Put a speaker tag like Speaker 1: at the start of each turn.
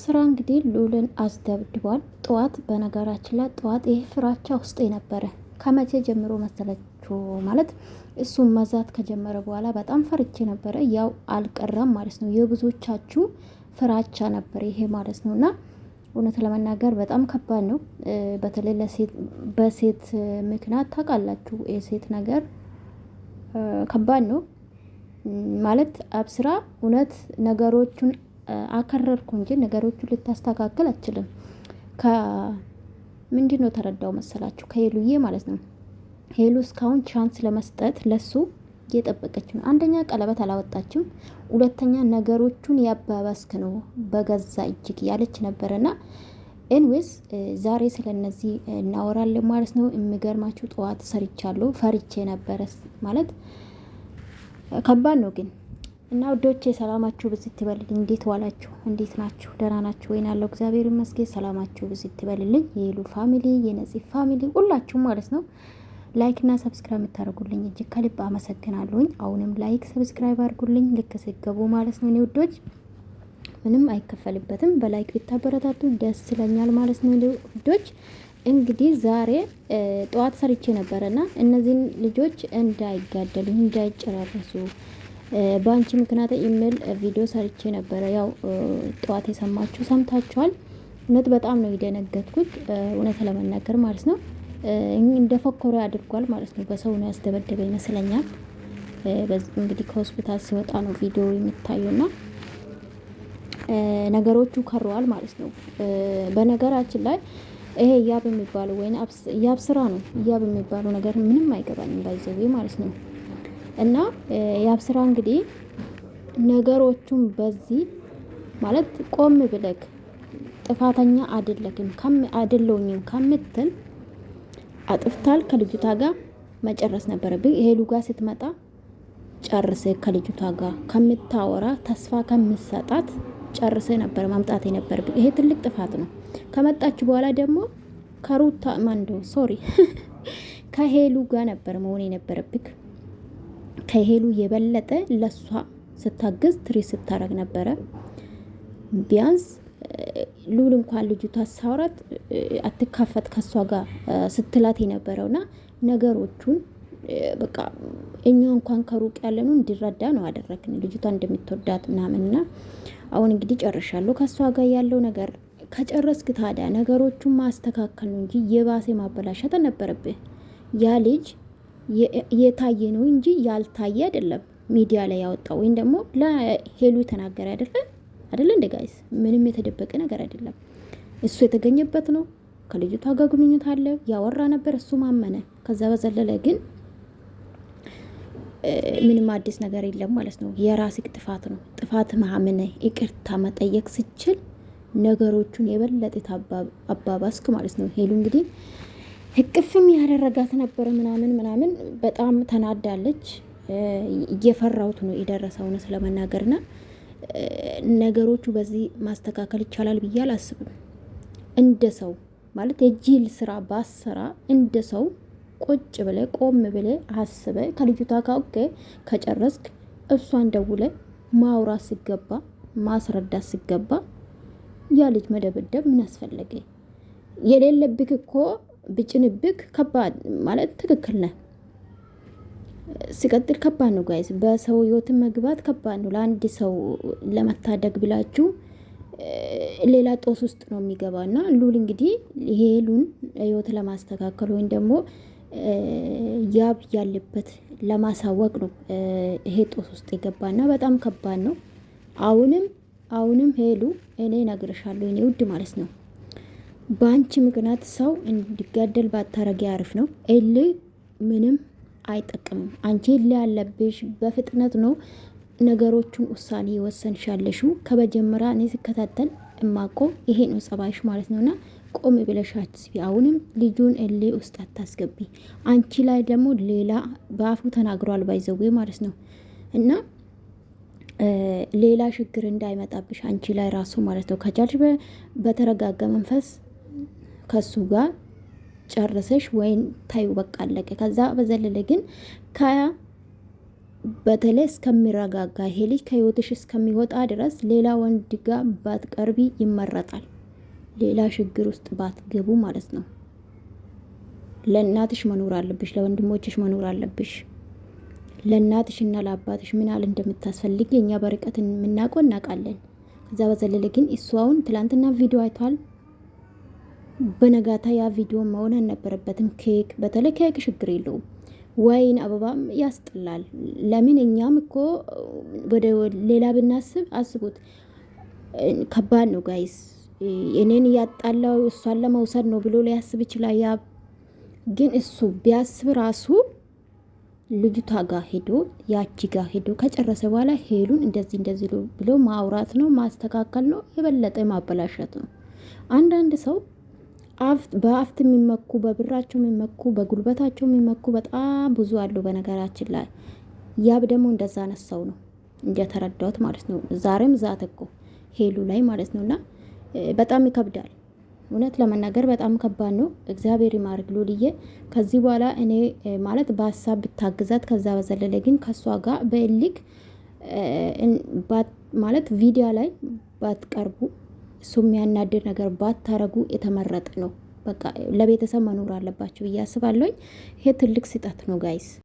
Speaker 1: ስራ እንግዲህ ሉልን አስደብድቧል። ጠዋት በነገራችን ላይ ጠዋት ይህ ፍራቻ ውስጥ ነበረ። ከመቼ ጀምሮ መሰለችሁ ማለት እሱን መዛት ከጀመረ በኋላ በጣም ፈርቼ ነበረ። ያው አልቀረም ማለት ነው። የብዙዎቻችሁ ፍራቻ ነበር ይሄ ማለት ነው። እና እውነት ለመናገር በጣም ከባድ ነው። በተለይ በሴት ምክንያት ታውቃላችሁ፣ የሴት ነገር ከባድ ነው ማለት አብስራ እውነት ነገሮቹን አከረርኩ እንጂ ነገሮቹ ልታስተካከል አችልም። ከምንድን ነው ተረዳው መሰላችሁ? ከሄሉዬ ማለት ነው። ሄሉ እስካሁን ቻንስ ለመስጠት ለሱ እየጠበቀች ነው። አንደኛ ቀለበት አላወጣችም፣ ሁለተኛ ነገሮቹን ያባባስክ ነው በገዛ እጅግ ያለች ነበርና ኤንዌስ ዛሬ ስለነዚህ እናወራለን ማለት ነው። የሚገርማችሁ ጠዋት ሰርቻለሁ፣ ፈርቼ ነበረ ማለት ከባድ ነው ግን እና ውዶቼ ሰላማችሁ ብዝት ይበልልኝ። እንዴት ዋላችሁ? እንዴት ናችሁ? ደህና ናችሁ ወይን? አለው እግዚአብሔር ይመስገን። ሰላማችሁ ብዝት ይበልልኝ። የሄሉ ፋሚሊ፣ የነፂ ፋሚሊ ሁላችሁም ማለት ነው። ላይክ እና ሰብስክራይብ የምታደርጉልኝ እጅግ ከልብ አመሰግናለሁኝ። አሁንም ላይክ ሰብስክራይብ አድርጉልኝ ልክ ስገቡ ማለት ነው። እኔ ውዶች ምንም አይከፈልበትም። በላይክ ቢታበረታቱ ደስ ይለኛል ማለት ነው። እኔ ውዶች እንግዲህ ዛሬ ጠዋት ሰርቼ ነበረና እነዚህን ልጆች እንዳይጋደሉ እንዳይጨራረሱ በአንቺ ምክንያት የሚል ቪዲዮ ሰርቼ ነበረ። ያው ጠዋት የሰማችሁ ሰምታችኋል። እውነት በጣም ነው የደነገጥኩት፣ እውነት ለመናገር ማለት ነው። እንደፈኮረ አድርጓል ማለት ነው። በሰው ነው ያስደበደበ ይመስለኛል። እንግዲህ ከሆስፒታል ሲወጣ ነው ቪዲዮ የምታዩና ነገሮቹ ከረዋል ማለት ነው። በነገራችን ላይ ይሄ ያብ የሚባለው ወይ ያብ ስራ ነው። እያብ የሚባለው ነገር ምንም አይገባኝም ባይዘቤ ማለት ነው። እና ያብስራ እንግዲህ ነገሮቹን በዚህ ማለት ቆም ብለክ ጥፋተኛ አይደለክም ከም አይደለውኝም ከምትል አጥፍታል ከልጅቷ ጋር መጨረስ ነበረብኝ። ይሄ ሉጋ ስትመጣ ጨርሰ ከልጅቷ ጋር ከምታወራ ተስፋ ከምሰጣት ጨርሰ ነበር ማምጣት የነበረብኝ። ይሄ ትልቅ ጥፋት ነው። ከመጣች በኋላ ደግሞ ከሩታ ማንዶ ሶሪ ከሄሉ ጋር ነበር መሆን የነበረብክ። ከሄሉ የበለጠ ለሷ ስታግዝ ትሪ ስታረግ ነበረ። ቢያንስ ሉል እንኳን ልጅቷ ሳውራት አትካፈት ከሷ ጋር ስትላት የነበረውና ነገሮቹን በቃ እኛ እንኳን ከሩቅ ያለኑ እንዲረዳ ነው አደረግን። ልጅቷ እንደምትወዳት ምናምንና አሁን እንግዲህ ጨርሻለሁ ከእሷ ጋር ያለው ነገር ከጨረስክ ታዲያ ነገሮቹን ማስተካከል ነው እንጂ የባሴ ማበላሸት አልነበረብህ ያ ልጅ የታየ ነው እንጂ ያልታየ አይደለም። ሚዲያ ላይ ያወጣው ወይም ደግሞ ለሄሉ የተናገረ አይደለ አይደለ እንደ ጋይስ ምንም የተደበቀ ነገር አይደለም። እሱ የተገኘበት ነው። ከልጅቷ ጋር ግንኙነት አለ ያወራ ነበር፣ እሱ ማመነ። ከዛ በዘለለ ግን ምንም አዲስ ነገር የለም ማለት ነው። የራስህ ጥፋት ነው። ጥፋት ማመነ ይቅርታ መጠየቅ ስችል ነገሮቹን የበለጠ አባባስክ ማለት ነው። ሄሉ እንግዲህ ህቅፍም ያደረጋት ነበረ ምናምን ምናምን በጣም ተናዳለች። እየፈራሁት ነው የደረሰው እውነት ለመናገር ና ነገሮቹ በዚህ ማስተካከል ይቻላል ብዬ አላስብም። እንደ ሰው ማለት የጅል ስራ ባሰራ እንደ ሰው ቁጭ ብለ ቆም ብለ አስበ ከልጅቷ ካውከ ከጨረስክ እሷን ደውለ ማውራት ሲገባ ማስረዳት ሲገባ ያ ልጅ መደብደብ ምን አስፈለገ? የሌለብክ እኮ ብጭንብክ ከባድ ማለት ትክክል ነህ። ሲቀጥል ከባድ ነው ጋይስ፣ በሰው ህይወትን መግባት ከባድ ነው። ለአንድ ሰው ለመታደግ ብላችሁ ሌላ ጦስ ውስጥ ነው የሚገባ እና ሉል እንግዲህ ይሄ ሉን ህይወት ለማስተካከል ወይም ደግሞ ያብ ያለበት ለማሳወቅ ነው ይሄ ጦስ ውስጥ የገባና በጣም ከባድ ነው። አሁንም አሁንም ሄሉ እኔ እነግርሻለሁ እኔ ውድ ማለት ነው በአንቺ ምክንያት ሰው እንዲገደል ባታረጊ አሪፍ ነው። እልህ ምንም አይጠቅምም። አንቺ እልህ ያለብሽ በፍጥነት ነው ነገሮቹን ውሳኔ ወሰንሻለሹ። ከመጀመሪያ እኔ ሲከታተል እማቆ ይሄ ነው ጸባይሽ ማለት ነውና ቆም ብለሻት አሁንም ልጁን እልህ ውስጥ አታስገቢ። አንቺ ላይ ደግሞ ሌላ በአፉ ተናግሯል ባይዘዌ ማለት ነው እና ሌላ ችግር እንዳይመጣብሽ አንቺ ላይ ራሱ ማለት ነው። ከቻልሽ በተረጋጋ መንፈስ ከሱ ጋር ጨርሰሽ ወይን ታዩ በቃ አለቀ። ከዛ በዘለለ ግን በተለይ እስከሚረጋጋ ይሄ ልጅ ከህይወትሽ እስከሚወጣ ድረስ ሌላ ወንድ ጋር ባትቀርቢ ይመረጣል። ሌላ ችግር ውስጥ ባትገቡ ማለት ነው። ለእናትሽ መኖር አለብሽ፣ ለወንድሞችሽ መኖር አለብሽ። ለእናትሽ እና ለአባትሽ ምን ያህል እንደምታስፈልግ እኛ በርቀት የምናውቀው እናውቃለን። ከዛ በዘለለ ግን እሷውን ትላንትና ቪዲዮ አይቷል። በነጋታ ያ ቪዲዮ መሆን አልነበረበትም። ኬክ በተለይ ኬክ ችግር የለውም ወይን አበባም ያስጥላል። ለምን እኛም እኮ ወደ ሌላ ብናስብ አስቡት፣ ከባድ ነው ጋይስ። እኔን እያጣላው እሷን ለመውሰድ ነው ብሎ ሊያስብ ይችላል። ያ ግን እሱ ቢያስብ ራሱ ልጅቷ ጋር ሄዶ ያቺ ጋር ሄዶ ከጨረሰ በኋላ ሄሉን እንደዚህ እንደዚህ ብሎ ማውራት ነው ማስተካከል ነው የበለጠ ማበላሸት ነው። አንዳንድ ሰው በአፍት የሚመኩ በብራቸው የሚመኩ በጉልበታቸው የሚመኩ በጣም ብዙ አሉ። በነገራችን ላይ ያብ ደግሞ እንደዛ ነሳው ነው እንደተረዳሁት ማለት ነው። ዛሬም ዛት እኮ ሄሉ ላይ ማለት ነው። እና በጣም ይከብዳል። እውነት ለመናገር በጣም ከባድ ነው። እግዚአብሔር ይማርክ ሉልዬ። ከዚህ በኋላ እኔ ማለት በሀሳብ ብታግዛት፣ ከዛ በዘለለ ግን ከእሷ ጋር በእልክ ማለት ቪዲያ ላይ ባትቀርቡ እሱ የሚያናድድ ነገር ባታረጉ የተመረጠ ነው። በቃ ለቤተሰብ መኖር አለባቸው ብዬ አስባለሁኝ። ይሄ ትልቅ ስጠት ነው ጋይስ።